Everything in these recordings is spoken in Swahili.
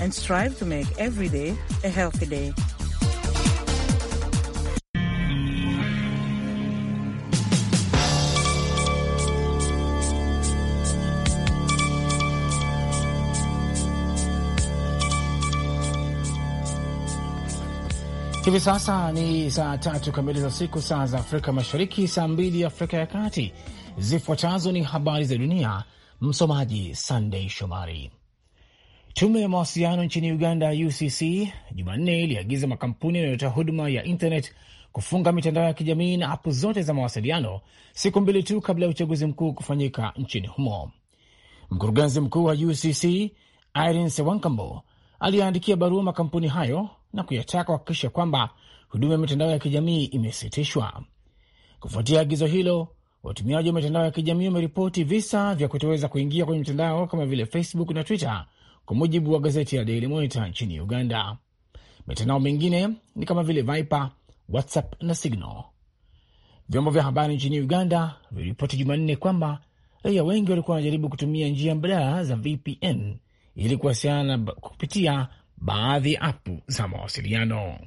and strive to make every day a healthy day. Hivi sasa ni saa tatu kamili za siku, saa za Afrika Mashariki, saa mbili Afrika ya Kati. Zifuatazo ni habari za dunia, msomaji Sandei Shomari. Tume ya mawasiliano nchini Uganda, UCC, Jumanne iliagiza makampuni yanayotoa huduma ya internet kufunga mitandao ya kijamii na apu zote za mawasiliano siku mbili tu kabla ya uchaguzi mkuu kufanyika nchini humo. Mkurugenzi mkuu wa UCC Irene Sewankambo aliyeandikia barua makampuni hayo na kuyataka kuhakikisha kwamba huduma ya mitandao ya kijamii imesitishwa. Kufuatia agizo hilo, watumiaji wa mitandao ya kijamii wameripoti visa vya kutoweza kuingia kwenye mitandao kama vile Facebook na Twitter kwa mujibu wa gazeti la Daily Monitor nchini Uganda. Mitandao mingine ni kama vile vipe WhatsApp na Signal. Vyombo vya habari nchini Uganda viliripoti Jumanne kwamba raia wengi walikuwa wanajaribu kutumia njia mbadala za VPN ili kuwasiliana kupitia baadhi ya apu za mawasiliano.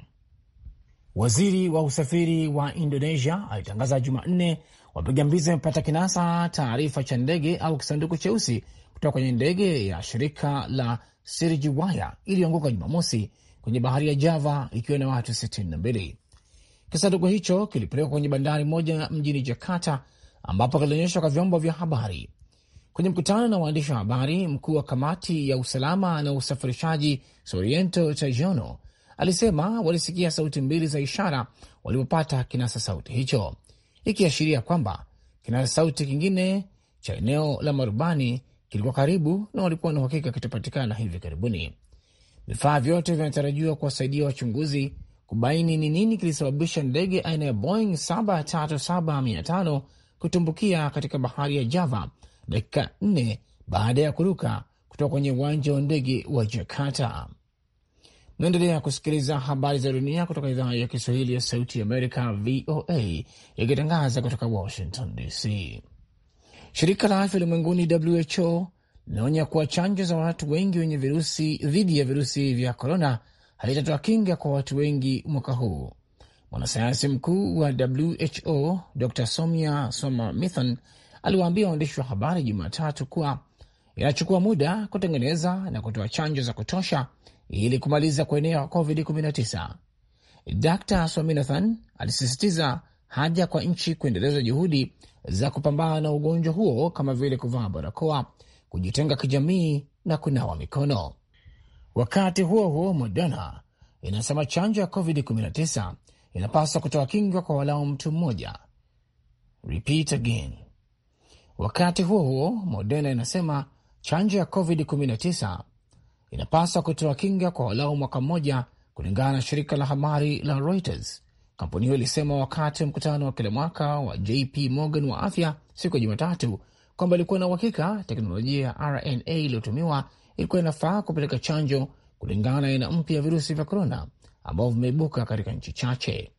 Waziri wa usafiri wa Indonesia alitangaza Jumanne Wapiga mbizi wamepata kinasa taarifa cha ndege au kisanduku cheusi kutoka kwenye ndege ya shirika la Sirijiwaya iliyoanguka Jumamosi kwenye bahari ya Java ikiwa na watu 62. Kisanduku hicho kilipelekwa kwenye bandari moja mjini Jakarta, ambapo kilionyeshwa kwa vyombo vya habari. Kwenye mkutano na waandishi wa habari, mkuu wa kamati ya usalama na usafirishaji Soriento Tajono alisema walisikia sauti mbili za ishara walipopata kinasa sauti hicho ikiashiria kwamba kinasa sauti kingine cha eneo la marubani kilikuwa karibu na walikuwa na uhakika kitapatikana hivi karibuni. Vifaa vyote vinatarajiwa kuwasaidia wachunguzi kubaini ni nini kilisababisha ndege aina ya Boeing 737-500 kutumbukia katika bahari ya Java dakika nne baada ya kuruka kutoka kwenye uwanja wa ndege wa Jakarta. Naendelea kusikiliza habari za dunia kutoka idhaa ya Kiswahili ya Sauti ya Amerika, VOA, ikitangaza kutoka Washington DC. Shirika la Afya Ulimwenguni, WHO, linaonya kuwa chanjo za watu wengi wenye virusi dhidi ya virusi vya korona halitatoa kinga kwa watu wengi mwaka huu. Mwanasayansi mkuu wa WHO Dr Somia Swaminathan aliwaambia waandishi wa habari Jumatatu kuwa inachukua muda kutengeneza na kutoa chanjo za kutosha ili kumaliza kuenea kwa COVID-19. Dr Swaminathan alisisitiza haja kwa nchi kuendeleza juhudi za kupambana na ugonjwa huo kama vile kuvaa barakoa, kujitenga kijamii na kunawa mikono. Wakati huo huo, Moderna inasema chanjo ya COVID-19 inapaswa kutoa kinga kwa walau mtu mmoja. Repeat again. Wakati huo huo, Moderna inasema chanjo ya COVID-19 inapaswa kutoa kinga kwa walau mwaka mmoja, kulingana na shirika la habari la Reuters. Kampuni hiyo ilisema wakati wa mkutano wa kila mwaka wa JP Morgan wa afya siku ya Jumatatu kwamba ilikuwa na uhakika teknolojia ya RNA iliyotumiwa ilikuwa inafaa kupeleka chanjo kulingana na aina mpya ya virusi vya korona ambavyo vimeibuka katika nchi chache.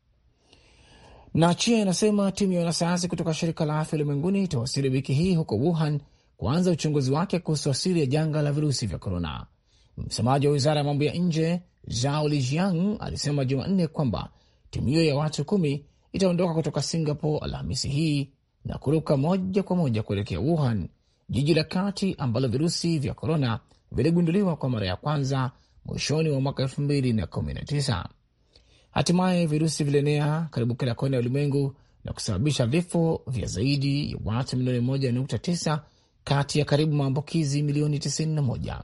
Na China inasema timu ya wanasayansi kutoka shirika la afya ulimwenguni itawasili wiki hii huko Wuhan kuanza uchunguzi wake kuhusu asili ya janga la virusi vya korona. Msemaji wa wizara ya mambo ya nje Zhao Lijiang alisema Jumanne kwamba timu hiyo ya watu kumi itaondoka kutoka Singapore Alhamisi hii na kuruka moja kwa moja kuelekea Wuhan, jiji la kati ambalo virusi vya korona viligunduliwa kwa mara ya kwanza mwishoni mwa mwaka elfu mbili na kumi na tisa. Hatimaye virusi vilienea karibu kila kona ya ulimwengu na kusababisha vifo vya zaidi ya watu milioni moja nukta tisa kati ya karibu maambukizi milioni tisini na moja.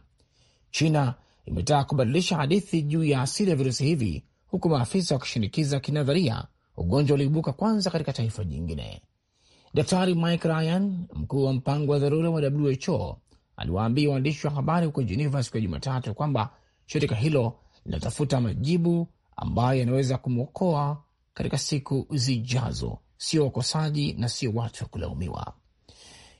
China imetaka kubadilisha hadithi juu ya asili ya virusi hivi, huku maafisa wakishinikiza kinadharia ugonjwa uliibuka kwanza katika taifa jingine. Daktari Mike Ryan, mkuu wa mpango wa dharura wa WHO, aliwaambia waandishi wa habari huko Geneva siku ya Jumatatu kwamba shirika hilo linatafuta majibu ambayo yanaweza kumwokoa katika siku zijazo, sio wakosaji na sio watu wa kulaumiwa.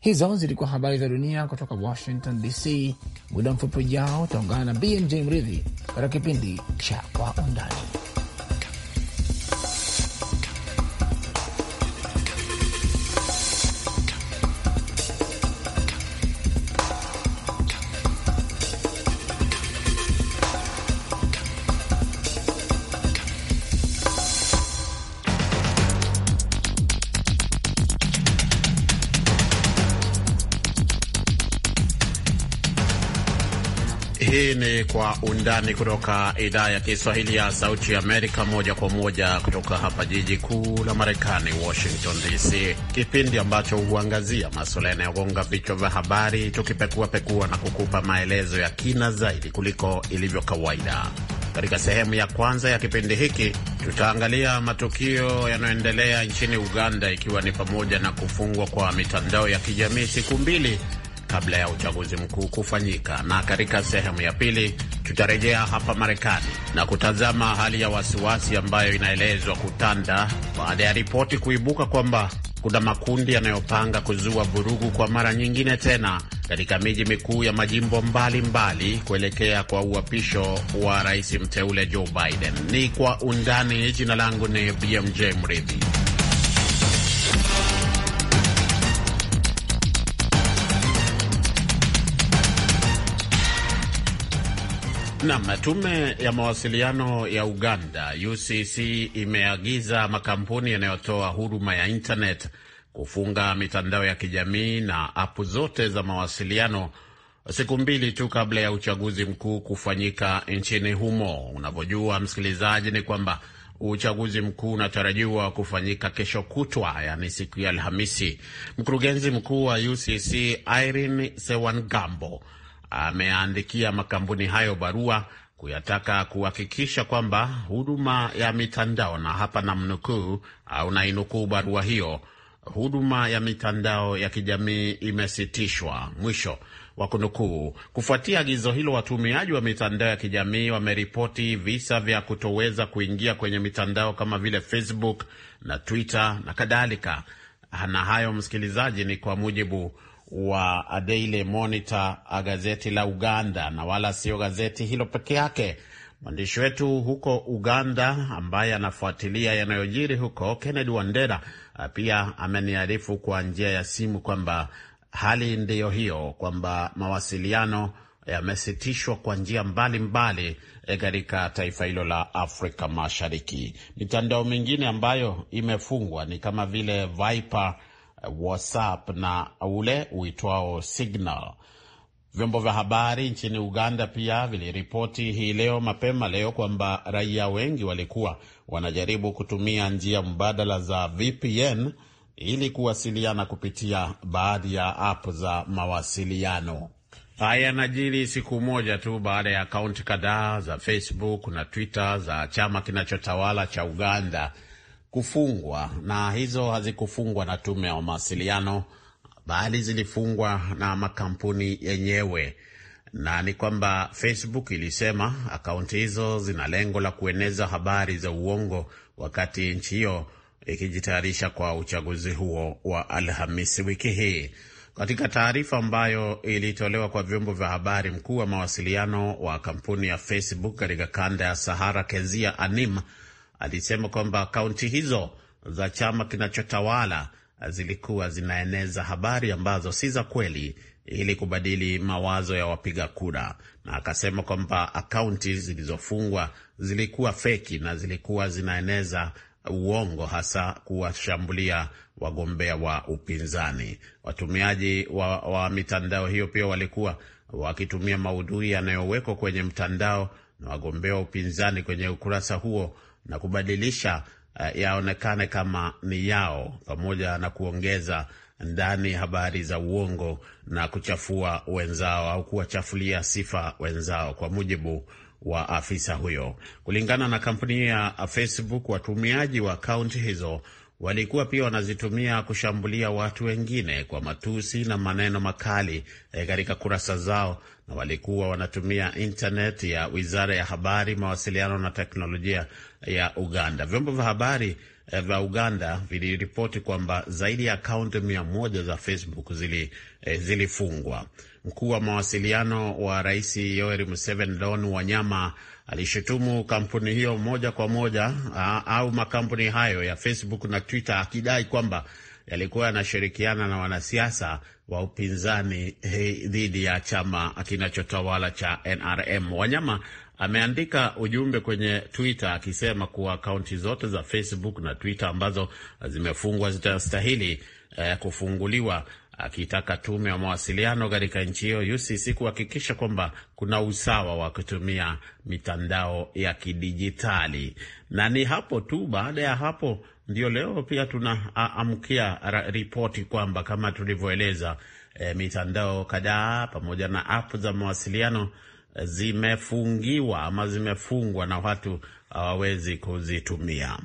Hizo zilikuwa habari za dunia kutoka Washington DC. Muda mfupi ujao utaungana na BMJ Mridhi katika kipindi cha Kwa Undani. kwa undani kutoka idhaa ya Kiswahili ya Sauti Amerika, moja kwa moja kutoka hapa jiji kuu la Marekani, Washington DC, kipindi ambacho huangazia masuala yanayogonga vichwa vya habari, tukipekuapekua na kukupa maelezo ya kina zaidi kuliko ilivyo kawaida. Katika sehemu ya kwanza ya kipindi hiki tutaangalia matukio yanayoendelea nchini Uganda, ikiwa ni pamoja na kufungwa kwa mitandao ya kijamii siku mbili kabla ya uchaguzi mkuu kufanyika. Na katika sehemu ya pili tutarejea hapa Marekani na kutazama hali ya wasiwasi ambayo inaelezwa kutanda baada ya ripoti kuibuka kwamba kuna makundi yanayopanga kuzua vurugu kwa mara nyingine tena katika miji mikuu ya majimbo mbalimbali mbali, kuelekea kwa uapisho wa rais mteule Joe Biden. Ni kwa undani. Jina langu ni BMJ Mridhi. Nam, tume ya mawasiliano ya Uganda UCC imeagiza makampuni yanayotoa huduma ya internet kufunga mitandao ya kijamii na apu zote za mawasiliano siku mbili tu kabla ya uchaguzi mkuu kufanyika nchini humo. Unavyojua msikilizaji, ni kwamba uchaguzi mkuu unatarajiwa kufanyika kesho kutwa, yaani siku ya Alhamisi. Mkurugenzi mkuu wa UCC Irene Sewangambo ameandikia makampuni hayo barua kuyataka kuhakikisha kwamba huduma ya mitandao, na hapa namnukuu, au nainukuu barua hiyo, huduma ya mitandao ya kijamii imesitishwa, mwisho wa kunukuu. Kufuatia agizo hilo, watumiaji wa mitandao ya kijamii wameripoti visa vya kutoweza kuingia kwenye mitandao kama vile Facebook na Twitter na kadhalika. Na hayo, msikilizaji, ni kwa mujibu wa Daily Monitor, gazeti la Uganda, na wala sio gazeti hilo peke yake. Mwandishi wetu huko Uganda ambaye anafuatilia yanayojiri huko, Kennedy Wandera, pia ameniarifu kwa njia ya simu kwamba hali ndiyo hiyo, kwamba mawasiliano yamesitishwa kwa njia mbalimbali e, katika taifa hilo la Afrika Mashariki. Mitandao mingine ambayo imefungwa ni kama vile Viper WhatsApp na ule uitwao Signal. Vyombo vya habari nchini Uganda pia viliripoti hii leo mapema leo kwamba raia wengi walikuwa wanajaribu kutumia njia mbadala za VPN ili kuwasiliana kupitia baadhi ya app za mawasiliano. Haya yanajiri siku moja tu baada ya akaunti kadhaa za Facebook na Twitter za chama kinachotawala cha Uganda kufungwa, na hizo hazikufungwa na tume ya mawasiliano, bali zilifungwa na makampuni yenyewe na ni kwamba Facebook ilisema akaunti hizo zina lengo la kueneza habari za uongo wakati nchi hiyo ikijitayarisha kwa uchaguzi huo wa Alhamisi wiki hii. Katika taarifa ambayo ilitolewa kwa vyombo vya habari, mkuu wa mawasiliano wa kampuni ya Facebook katika kanda ya Sahara, Kezia Anim, alisema kwamba kaunti hizo za chama kinachotawala zilikuwa zinaeneza habari ambazo si za kweli ili kubadili mawazo ya wapiga kura, na akasema kwamba akaunti zilizofungwa zilikuwa feki na zilikuwa zinaeneza uongo, hasa kuwashambulia wagombea wa upinzani. Watumiaji wa, wa mitandao hiyo pia walikuwa wakitumia maudhui yanayowekwa kwenye mtandao na wagombea wa upinzani kwenye ukurasa huo na kubadilisha uh, yaonekane kama ni yao, pamoja na kuongeza ndani habari za uongo na kuchafua wenzao au kuwachafulia sifa wenzao, kwa mujibu wa afisa huyo. Kulingana na kampuni ya Facebook, watumiaji wa akaunti hizo walikuwa pia wanazitumia kushambulia watu wengine kwa matusi na maneno makali eh, katika kurasa zao, na walikuwa wanatumia intaneti ya wizara ya habari, mawasiliano na teknolojia ya Uganda. Vyombo vya habari eh, vya Uganda viliripoti kwamba zaidi ya akaunti mia moja za Facebook zili, e, zilifungwa. Mkuu wa mawasiliano wa Rais Yoweri Museveni Don Wanyama alishutumu kampuni hiyo moja kwa moja au makampuni hayo ya Facebook na Twitter akidai kwamba yalikuwa yanashirikiana na wanasiasa wa upinzani dhidi ya chama kinachotawala cha NRM. Wanyama ameandika ujumbe kwenye Twitter akisema kuwa akaunti zote za Facebook na Twitter ambazo zimefungwa zitastahili eh, kufunguliwa akitaka tume ya mawasiliano katika nchi hiyo UCC kuhakikisha kwamba kuna usawa wa kutumia mitandao ya kidijitali. Na ni hapo tu, baada ya hapo ndio leo pia tunaamkia ripoti kwamba kama tulivyoeleza, e, mitandao kadhaa pamoja na app za mawasiliano e, zimefungiwa ama zimefungwa na watu hawawezi kuzitumia.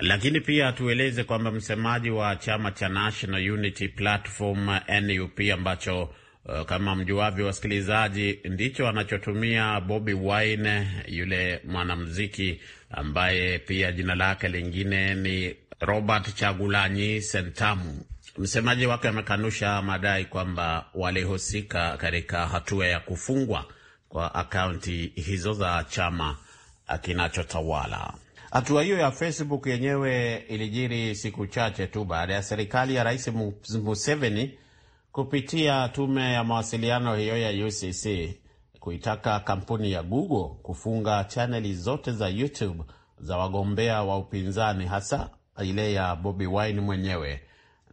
Lakini pia tueleze kwamba msemaji wa chama cha National Unity Platform NUP ambacho eh, kama mjuavyo wasikilizaji, ndicho anachotumia Bobi Wine, yule mwanamuziki ambaye pia jina lake lingine ni Robert Chagulanyi Sentamu. Msemaji wake amekanusha madai kwamba walihusika katika hatua ya kufungwa kwa akaunti hizo za chama kinachotawala. Hatua hiyo ya Facebook yenyewe ilijiri siku chache tu baada ya serikali ya Rais Museveni kupitia tume ya mawasiliano hiyo ya UCC kuitaka kampuni ya Google kufunga chaneli zote za YouTube za wagombea wa upinzani hasa ile ya Bobi Wine mwenyewe,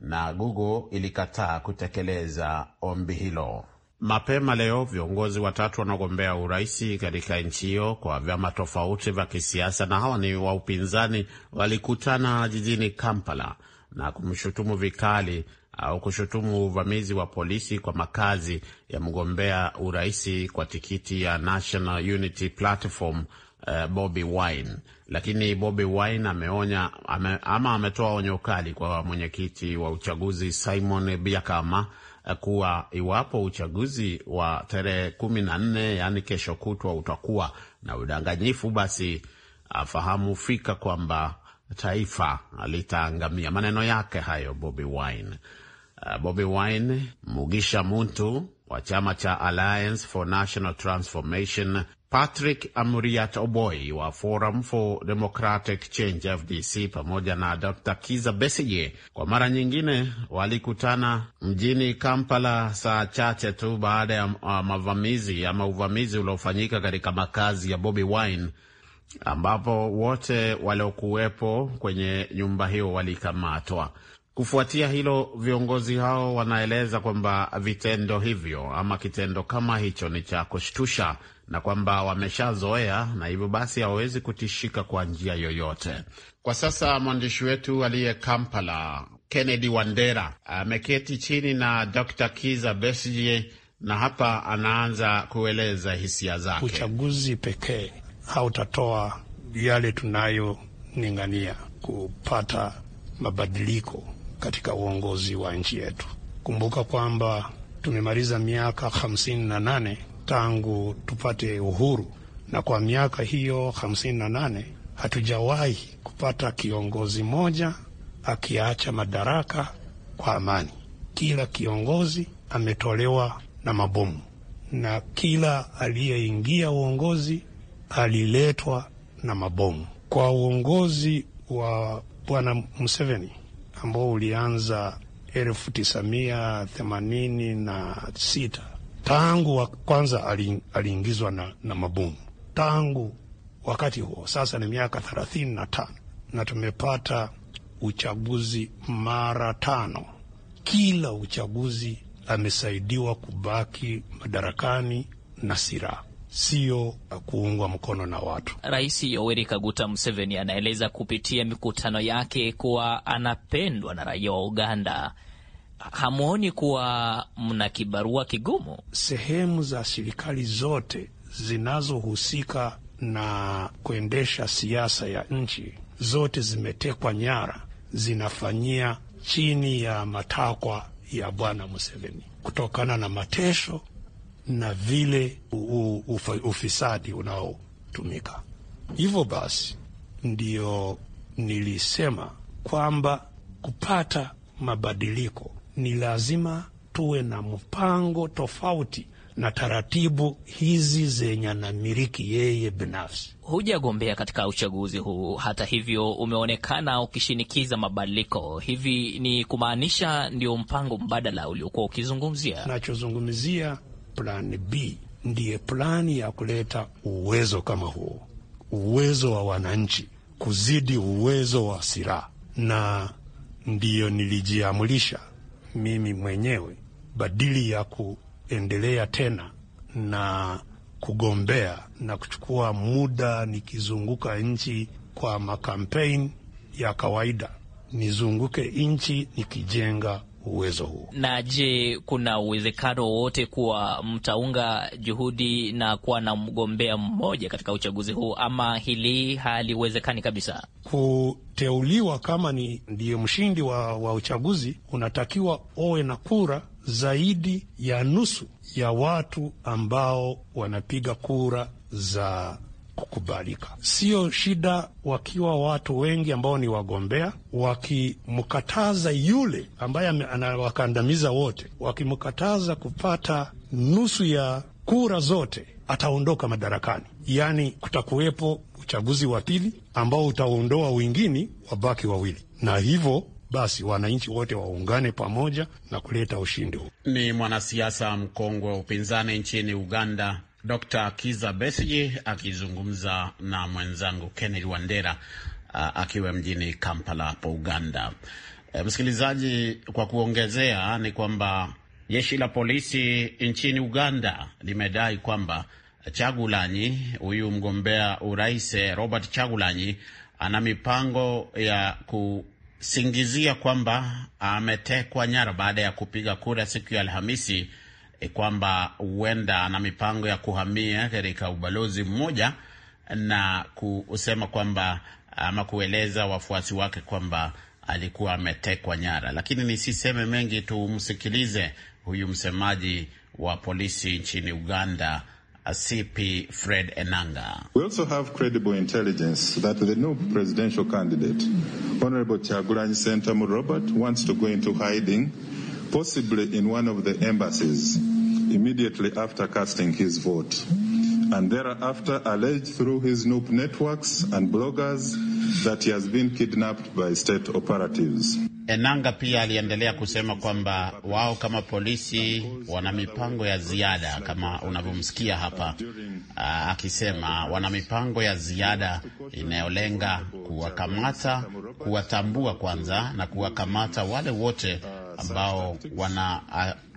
na Google ilikataa kutekeleza ombi hilo. Mapema leo viongozi watatu wanaogombea uraisi katika nchi hiyo kwa vyama tofauti vya kisiasa na hawa ni wa upinzani walikutana jijini Kampala na kumshutumu vikali au kushutumu uvamizi wa polisi kwa makazi ya mgombea uraisi kwa tikiti ya National Unity Platform uh, Bobi Wine. Lakini Bobi Wine ameonya ame, ama ametoa onyo kali kwa mwenyekiti wa uchaguzi Simon Biakama Eh, kuwa iwapo uchaguzi wa tarehe kumi na nne yaani kesho kutwa utakuwa na udanganyifu, basi afahamu fika kwamba taifa litaangamia. Maneno yake hayo Bobi Wine. Eh, Bobi Wine, Mugisha Muntu wa chama cha Alliance for National Transformation, Patrick Amuriat oboy wa Forum for Democratic Change FDC pamoja na Dr. Kiza Besige kwa mara nyingine walikutana mjini Kampala saa chache tu baada ya uh, mavamizi ama uvamizi uliofanyika katika makazi ya Bobi Wine ambapo wote waliokuwepo kwenye nyumba hiyo walikamatwa. Kufuatia hilo, viongozi hao wanaeleza kwamba vitendo hivyo ama kitendo kama hicho ni cha kushtusha na kwamba wameshazoea na hivyo basi hawawezi kutishika kwa njia yoyote. Kwa sasa mwandishi wetu aliye Kampala, Kennedy Wandera, ameketi chini na Dr. Kiza Besigye na hapa anaanza kueleza hisia zake. Uchaguzi pekee hautatoa yale tunayoningania kupata mabadiliko katika uongozi wa nchi yetu. Kumbuka kwamba tumemaliza miaka hamsini na nane tangu tupate uhuru, na kwa miaka hiyo hamsini na nane hatujawahi kupata kiongozi moja akiacha madaraka kwa amani. Kila kiongozi ametolewa na mabomu na kila aliyeingia uongozi aliletwa na mabomu. Kwa uongozi wa Bwana Museveni ambao ulianza elfu tisamia themanini na sita tangu wa kwanza aliingizwa na, na mabomu tangu wakati huo sasa ni miaka thelathini na tano na tumepata uchaguzi mara tano. Kila uchaguzi amesaidiwa kubaki madarakani na silaha sio eh, kuungwa mkono na watu. Rais Yoweri Kaguta Museveni anaeleza kupitia mikutano yake kuwa anapendwa na raia wa Uganda. Hamwoni kuwa mna kibarua kigumu? Sehemu za serikali zote zinazohusika na kuendesha siasa ya nchi zote zimetekwa nyara, zinafanyia chini ya matakwa ya Bwana Museveni kutokana na matesho na vile ufisadi unaotumika. Hivyo basi ndiyo nilisema kwamba kupata mabadiliko ni lazima tuwe na mpango tofauti na taratibu hizi zenye anamiliki yeye binafsi. Hujagombea katika uchaguzi huu, hata hivyo umeonekana ukishinikiza mabadiliko. Hivi ni kumaanisha ndio mpango mbadala uliokuwa ukizungumzia? Nachozungumzia Plan B ndiye plani ya kuleta uwezo kama huo, uwezo wa wananchi kuzidi uwezo wa silaha, na ndiyo nilijiamulisha mimi mwenyewe badili ya kuendelea tena na kugombea na kuchukua muda nikizunguka nchi kwa makampeni ya kawaida, nizunguke nchi nikijenga uwezo huo. Na je, kuna uwezekano wowote kuwa mtaunga juhudi na kuwa na mgombea mmoja katika uchaguzi huu, ama hili haliwezekani kabisa? Kuteuliwa kama ni ndiye mshindi wa, wa uchaguzi, unatakiwa owe na kura zaidi ya nusu ya watu ambao wanapiga kura za kukubalika. Sio shida wakiwa watu wengi ambao ni wagombea, wakimkataza yule ambaye anawakandamiza wote, wakimkataza kupata nusu ya kura zote, ataondoka madarakani. Yaani kutakuwepo uchaguzi wa pili ambao utaondoa wengine, wabaki wawili, na hivyo basi wananchi wote waungane pamoja na kuleta ushindi huu. Ni mwanasiasa mkongwe wa upinzani nchini Uganda Dr. Kiza Besige akizungumza na mwenzangu Kennedy Wandera uh, akiwa mjini Kampala hapo Uganda. E, msikilizaji, kwa kuongezea ni kwamba jeshi la polisi nchini Uganda limedai kwamba Chagulanyi, huyu mgombea urais eh, Robert Chagulanyi, ana mipango ya kusingizia kwamba ametekwa nyara baada ya kupiga kura siku ya Alhamisi e, kwamba huenda ana mipango ya kuhamia katika ubalozi mmoja na kusema kwamba ama kueleza wafuasi wake kwamba alikuwa ametekwa nyara. Lakini nisiseme mengi, tumsikilize huyu msemaji wa polisi nchini Uganda, CP Fred Enanga. We also have credible intelligence that the new presidential candidate Honorable Chagulanyi Sentamu Robert wants to go into hiding possibly in one of the embassies immediately after casting his vote and thereafter alleged through his Noop networks and bloggers that he has been kidnapped by state operatives. Enanga pia aliendelea kusema kwamba wao kama polisi wana mipango ya ziada kama unavyomsikia hapa aa, ah, akisema wana mipango ya ziada inayolenga kuwakamata, kuwatambua kwanza na kuwakamata wale wote ambao wana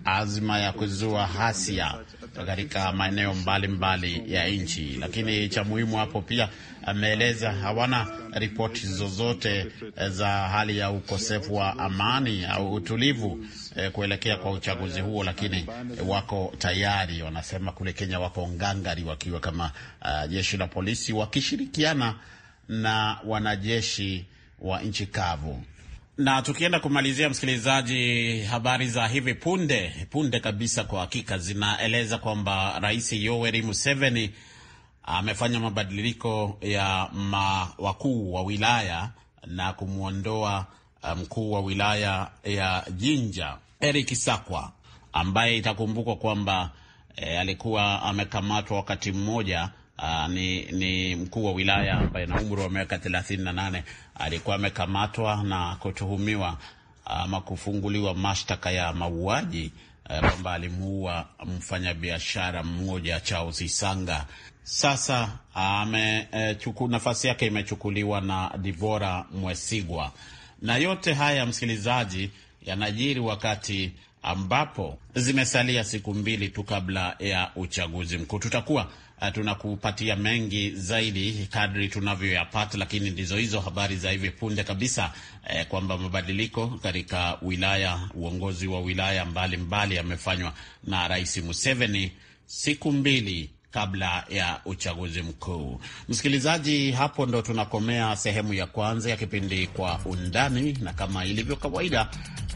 azma ya kuzua hasia katika maeneo mbalimbali ya nchi. Lakini cha muhimu hapo pia ameeleza hawana ripoti zozote e, za hali ya ukosefu wa amani au utulivu eh, kuelekea kwa uchaguzi huo, lakini wako tayari, wanasema kule Kenya wako ngangari, wakiwa kama uh, jeshi la polisi wakishirikiana na wanajeshi wa nchi kavu. Na tukienda kumalizia, msikilizaji, habari za hivi punde punde kabisa kwa hakika zinaeleza kwamba Rais Yoweri Museveni amefanya mabadiliko ya ma wakuu wa wilaya na kumwondoa eh, mkuu wa wilaya ya Jinja Eric Sakwa ambaye itakumbukwa kwamba e, alikuwa amekamatwa wakati mmoja. Aa, ah, ni, ni mkuu wa wilaya ambaye na umri wa miaka thelathini na nane alikuwa amekamatwa na kutuhumiwa ama kufunguliwa mashtaka ya mauaji eh, kwamba alimuua mfanyabiashara mmoja Charles Isanga. Sasa ame, e, chuku, nafasi yake imechukuliwa na Dibora Mwesigwa. Na yote haya msikilizaji, yanajiri wakati ambapo zimesalia siku mbili tu kabla ya uchaguzi mkuu. Tutakuwa uh, tunakupatia mengi zaidi kadri tunavyoyapata, lakini ndizo hizo habari za hivi punde kabisa eh, kwamba mabadiliko katika wilaya, uongozi wa wilaya mbalimbali yamefanywa na Rais Museveni siku mbili kabla ya uchaguzi mkuu. Msikilizaji, hapo ndo tunakomea sehemu ya kwanza ya kipindi Kwa Undani, na kama ilivyo kawaida,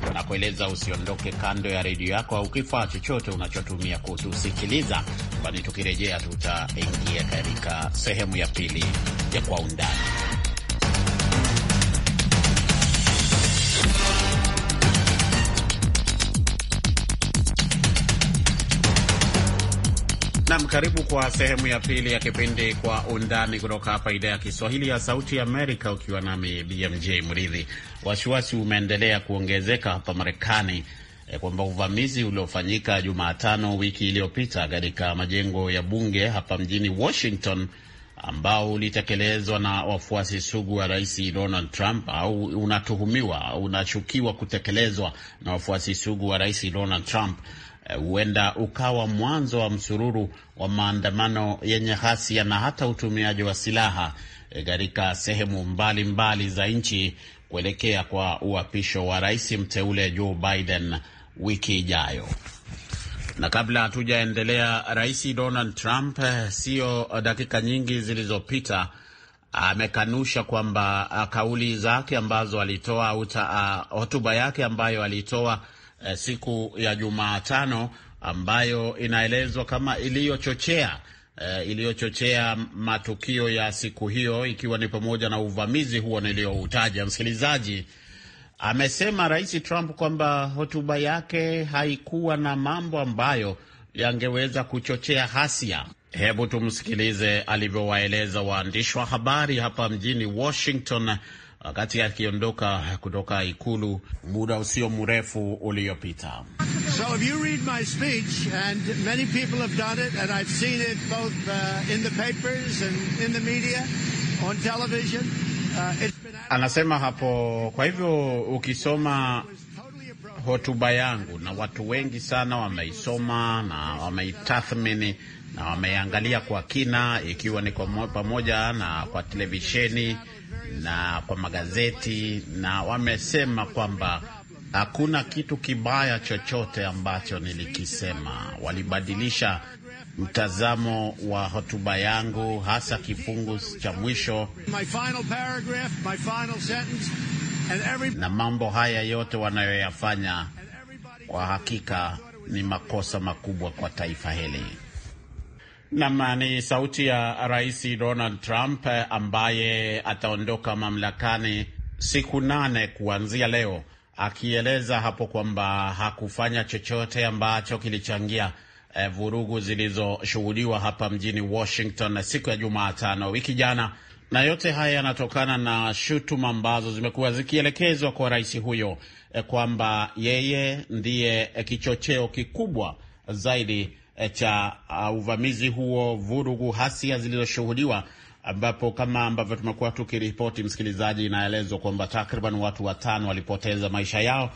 tunakueleza usiondoke kando ya redio yako au kifaa chochote unachotumia kutusikiliza, kwani tukirejea tutaingia katika sehemu ya pili ya Kwa Undani. Nam, karibu kwa sehemu ya pili ya kipindi Kwa Undani kutoka hapa idhaa ya Kiswahili ya Sauti ya Amerika, ukiwa nami BMJ Mridhi. Wasiwasi umeendelea kuongezeka hapa Marekani e, kwamba uvamizi uliofanyika Jumatano wiki iliyopita katika majengo ya bunge hapa mjini Washington, ambao ulitekelezwa na wafuasi sugu wa Rais Donald Trump au unatuhumiwa unashukiwa kutekelezwa na wafuasi sugu wa Rais Donald Trump Eh, huenda ukawa mwanzo wa msururu wa maandamano yenye ghasia na hata utumiaji wa silaha eh, katika sehemu mbalimbali mbali za nchi kuelekea kwa uapisho wa rais mteule Joe Biden wiki ijayo. Na kabla hatujaendelea, Rais Donald Trump eh, sio dakika nyingi zilizopita amekanusha kwamba ah, kauli zake ambazo alitoa au ah, hotuba yake ambayo alitoa Eh, siku ya Jumatano ambayo inaelezwa kama iliyochochea eh, iliyochochea matukio ya siku hiyo ikiwa ni pamoja na uvamizi huo niliyoutaja. Msikilizaji amesema Rais Trump kwamba hotuba yake haikuwa na mambo ambayo yangeweza kuchochea hasia. Hebu tumsikilize alivyowaeleza waandishi wa habari hapa mjini Washington wakati akiondoka kutoka ikulu muda usio mrefu uliopita. Anasema hapo. Kwa hivyo ukisoma hotuba yangu, na watu wengi sana wameisoma na wameitathmini na wameangalia kwa kina, ikiwa ni kwa pamoja na kwa televisheni na kwa magazeti, na wamesema kwamba hakuna kitu kibaya chochote ambacho nilikisema. Walibadilisha mtazamo wa hotuba yangu, hasa kifungu cha mwisho every... na mambo haya yote wanayoyafanya kwa hakika ni makosa makubwa kwa taifa hili. Nam ni sauti ya Rais Donald Trump eh, ambaye ataondoka mamlakani siku nane kuanzia leo, akieleza hapo kwamba hakufanya chochote ambacho kilichangia eh, vurugu zilizoshuhudiwa hapa mjini Washington siku ya Jumatano wiki jana, na yote haya yanatokana na shutuma ambazo zimekuwa zikielekezwa kwa rais huyo eh, kwamba yeye ndiye eh, kichocheo kikubwa zaidi Eh, cha uh, uvamizi huo, vurugu, hasia zilizoshuhudiwa ambapo kama ambavyo tumekuwa tukiripoti, msikilizaji, inaelezwa kwamba takriban watu watano walipoteza maisha yao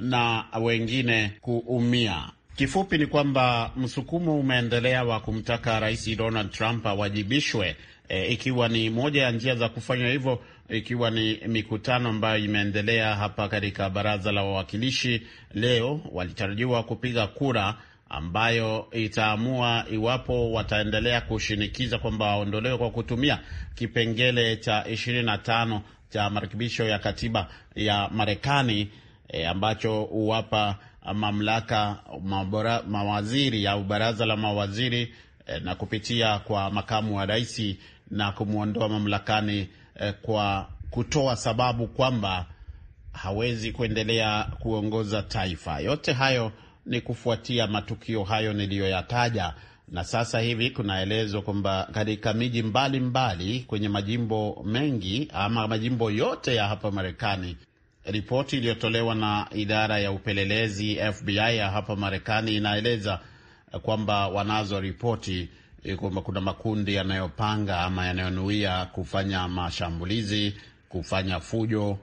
na wengine kuumia. Kifupi ni kwamba msukumo umeendelea wa kumtaka Rais Donald Trump awajibishwe, e, ikiwa ni moja ya njia za kufanywa hivyo, ikiwa ni mikutano ambayo imeendelea hapa katika baraza la wawakilishi. Leo walitarajiwa kupiga kura ambayo itaamua iwapo wataendelea kushinikiza kwamba waondolewe kwa kutumia kipengele cha ishirini na tano cha marekebisho ya katiba ya Marekani e, ambacho huwapa mamlaka mabora, mawaziri au baraza la mawaziri e, na kupitia kwa makamu wa rais na kumwondoa mamlakani e, kwa kutoa sababu kwamba hawezi kuendelea kuongoza taifa. Yote hayo ni kufuatia matukio hayo niliyoyataja, na sasa hivi kunaelezwa kwamba katika miji mbalimbali kwenye majimbo mengi ama majimbo yote ya hapa Marekani, ripoti iliyotolewa na idara ya upelelezi FBI ya hapa Marekani inaeleza kwamba wanazo ripoti kwamba kuna makundi yanayopanga ama yanayonuia kufanya mashambulizi, kufanya fujo,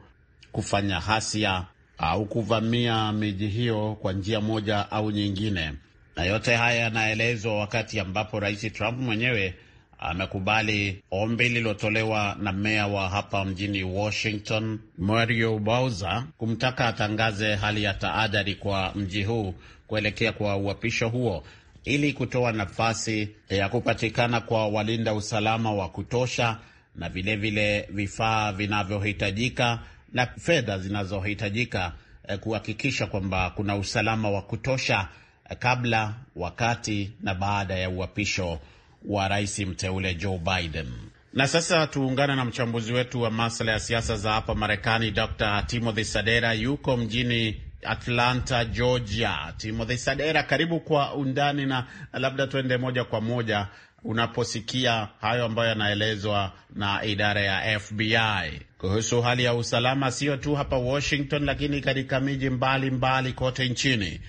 kufanya hasia au kuvamia miji hiyo kwa njia moja au nyingine. Na yote haya yanaelezwa wakati ambapo Rais Trump mwenyewe amekubali ombi lilotolewa na meya wa hapa mjini Washington, Mario Bowser, kumtaka atangaze hali ya taadhari kwa mji huu kuelekea kwa uapisho huo ili kutoa nafasi ya kupatikana kwa walinda usalama wa kutosha na vilevile vifaa vinavyohitajika na fedha zinazohitajika eh, kuhakikisha kwamba kuna usalama wa kutosha eh, kabla, wakati na baada ya uapisho wa rais mteule Joe Biden. Na sasa tuungane na mchambuzi wetu wa masuala ya siasa za hapa Marekani, Dr. Timothy Sadera yuko mjini Atlanta, Georgia. Timothy Sadera, karibu kwa undani, na labda tuende moja kwa moja unaposikia hayo ambayo yanaelezwa na idara ya FBI kuhusu hali ya usalama, sio tu hapa Washington, lakini katika miji mbalimbali kote nchini.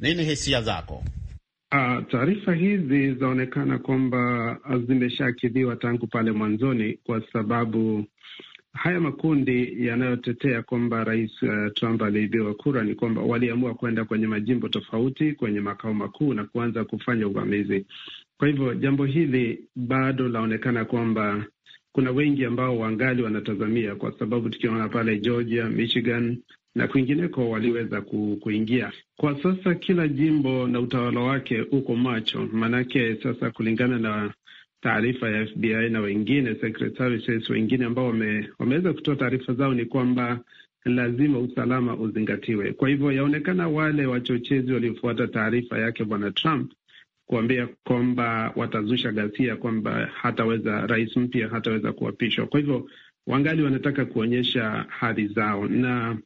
Nini hisia zako? Uh, taarifa hizi zinaonekana kwamba zimeshaakidhiwa tangu pale mwanzoni, kwa sababu haya makundi yanayotetea kwamba rais uh, Trump aliibiwa kura ni kwamba waliamua kwenda kwenye majimbo tofauti, kwenye makao makuu na kuanza kufanya uvamizi. Kwa hivyo jambo hili bado laonekana kwamba kuna wengi ambao wangali wanatazamia, kwa sababu tukiona pale Georgia, Michigan na kwingineko waliweza kuingia. Kwa sasa kila jimbo na utawala wake uko macho, maanake sasa kulingana na taarifa ya FBI na wengine Secret Services wengine ambao wame, wameweza kutoa taarifa zao ni kwamba lazima usalama uzingatiwe. Kwa hivyo yaonekana wale wachochezi waliofuata taarifa yake Bwana Trump kuambia kwamba watazusha ghasia, kwamba hataweza rais mpya hataweza kuapishwa. Kwa hivyo wangali wanataka kuonyesha hadhi zao, na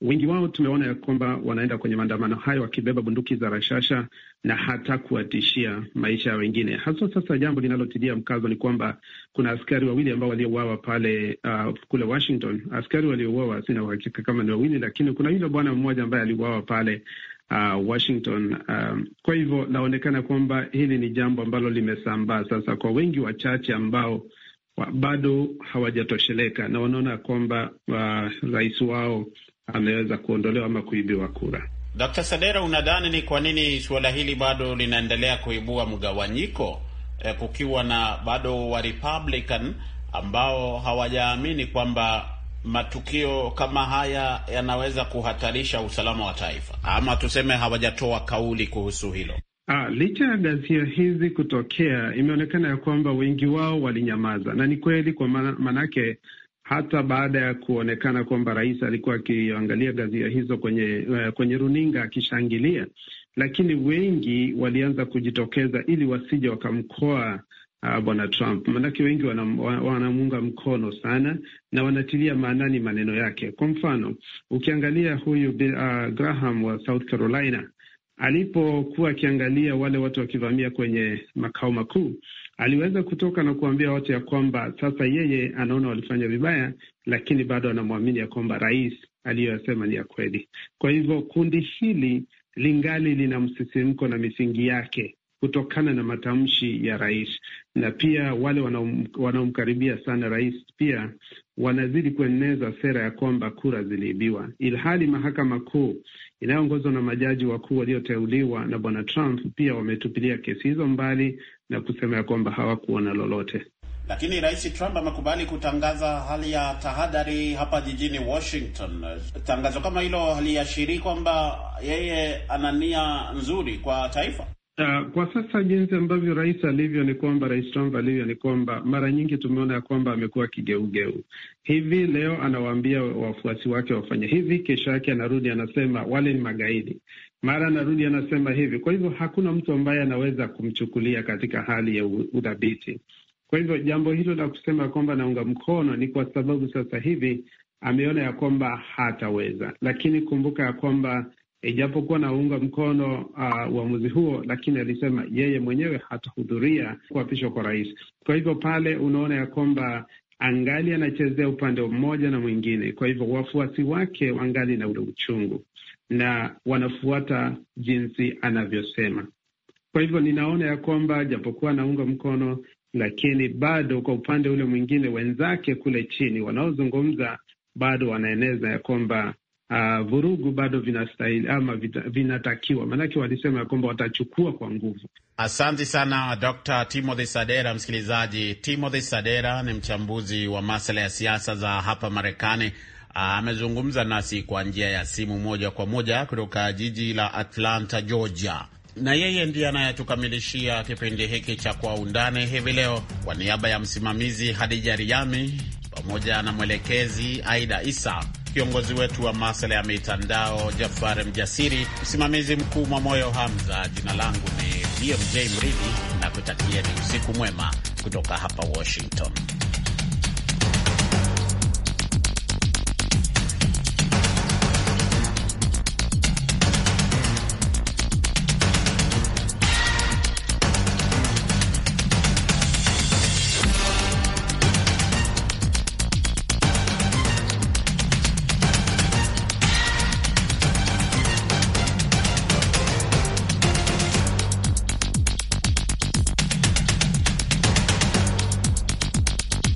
wengi wao tumeona ya kwamba wanaenda kwenye maandamano hayo wakibeba bunduki za rashasha na hata kuwatishia maisha ya wengine. Haswa sasa, jambo linalotilia mkazo ni kwamba kuna askari wawili ambao waliouawa pale uh, kule Washington. Askari waliouawa sina uhakika kama ni wawili, lakini kuna yule bwana mmoja ambaye aliuawa pale uh, Washington. Um, kwa hivyo naonekana kwamba hili ni jambo ambalo limesambaa sasa kwa wengi wachache ambao wa, bado hawajatosheleka na wanaona kwamba uh, rais wao ameweza kuondolewa ama kuibiwa kura. d Sadera, unadhani ni kwa nini suala hili bado linaendelea kuibua mgawanyiko eh, kukiwa na bado wa Republican ambao hawajaamini kwamba matukio kama haya yanaweza kuhatarisha usalama wa taifa, ama tuseme hawajatoa kauli kuhusu hilo? Ah, licha ya ghasia hizi kutokea, imeonekana ya kwamba wengi wao walinyamaza, na ni kweli kwa manake hata baada ya kuonekana kwamba rais alikuwa akiangalia gazia hizo kwenye eh, kwenye runinga akishangilia, lakini wengi walianza kujitokeza ili wasije wakamkoa uh, bwana Trump, maanake wengi wanamuunga mkono sana na wanatilia maanani maneno yake. Kwa mfano ukiangalia huyu uh, Graham wa South Carolina alipokuwa akiangalia wale watu wakivamia kwenye makao makuu, aliweza kutoka na kuambia watu ya kwamba sasa yeye anaona walifanya vibaya, lakini bado anamwamini ya kwamba rais aliyoyasema ni ya kweli. Kwa hivyo kundi hili lingali lina msisimko na misingi yake kutokana na matamshi ya rais, na pia wale wanaomkaribia sana rais pia wanazidi kueneza sera ya kwamba kura ziliibiwa, ilhali mahakama kuu inayoongozwa na majaji wakuu walioteuliwa na bwana Trump pia wametupilia kesi hizo mbali na kusema ya kwamba hawakuona lolote. Lakini rais Trump amekubali kutangaza hali ya tahadhari hapa jijini Washington. Tangazo kama hilo haliashirii kwamba yeye ana nia nzuri kwa taifa. Uh, kwa sasa jinsi ambavyo rais alivyo ni kwamba rais Trump alivyo ni kwamba mara nyingi tumeona ya kwamba amekuwa kigeugeu hivi. Leo anawaambia wafuasi wake wafanye hivi, kesho yake anarudi anasema wale ni magaidi, mara anarudi anasema hivi. Kwa hivyo hakuna mtu ambaye anaweza kumchukulia katika hali ya udhabiti. Kwa hivyo jambo hilo la kusema kwamba naunga mkono ni kwa sababu sasa hivi ameona ya kwamba hataweza, lakini kumbuka ya kwamba ijapokuwa naunga mkono uh, uamuzi huo, lakini alisema yeye mwenyewe hatahudhuria kuapishwa kwa rais. Kwa hivyo pale unaona ya kwamba angali anachezea upande mmoja na mwingine. Kwa hivyo wafuasi wake wangali na ule uchungu na wanafuata jinsi anavyosema. Kwa hivyo ninaona ya kwamba japokuwa naunga mkono, lakini bado kwa upande ule mwingine, wenzake kule chini wanaozungumza bado wanaeneza ya kwamba Ah, vurugu bado vinastahili ama vinatakiwa, maanake walisema ya kwamba watachukua kwa nguvu. Asante sana Dr. Timothy Sadera. Msikilizaji, Timothy Sadera ni mchambuzi wa masuala ya siasa za hapa Marekani. Ah, amezungumza nasi kwa njia ya simu moja kwa moja kutoka jiji la Atlanta, Georgia, na yeye ndiye anayetukamilishia kipindi hiki cha Kwa Undani hivi leo. Kwa niaba ya msimamizi Hadija Riami pamoja na mwelekezi Aida Isa kiongozi wetu wa masuala ya mitandao Jafar Mjasiri, msimamizi mkuu Mwamoyo Hamza. Jina langu ni BMJ Mridhi na kutakieni usiku mwema kutoka hapa Washington.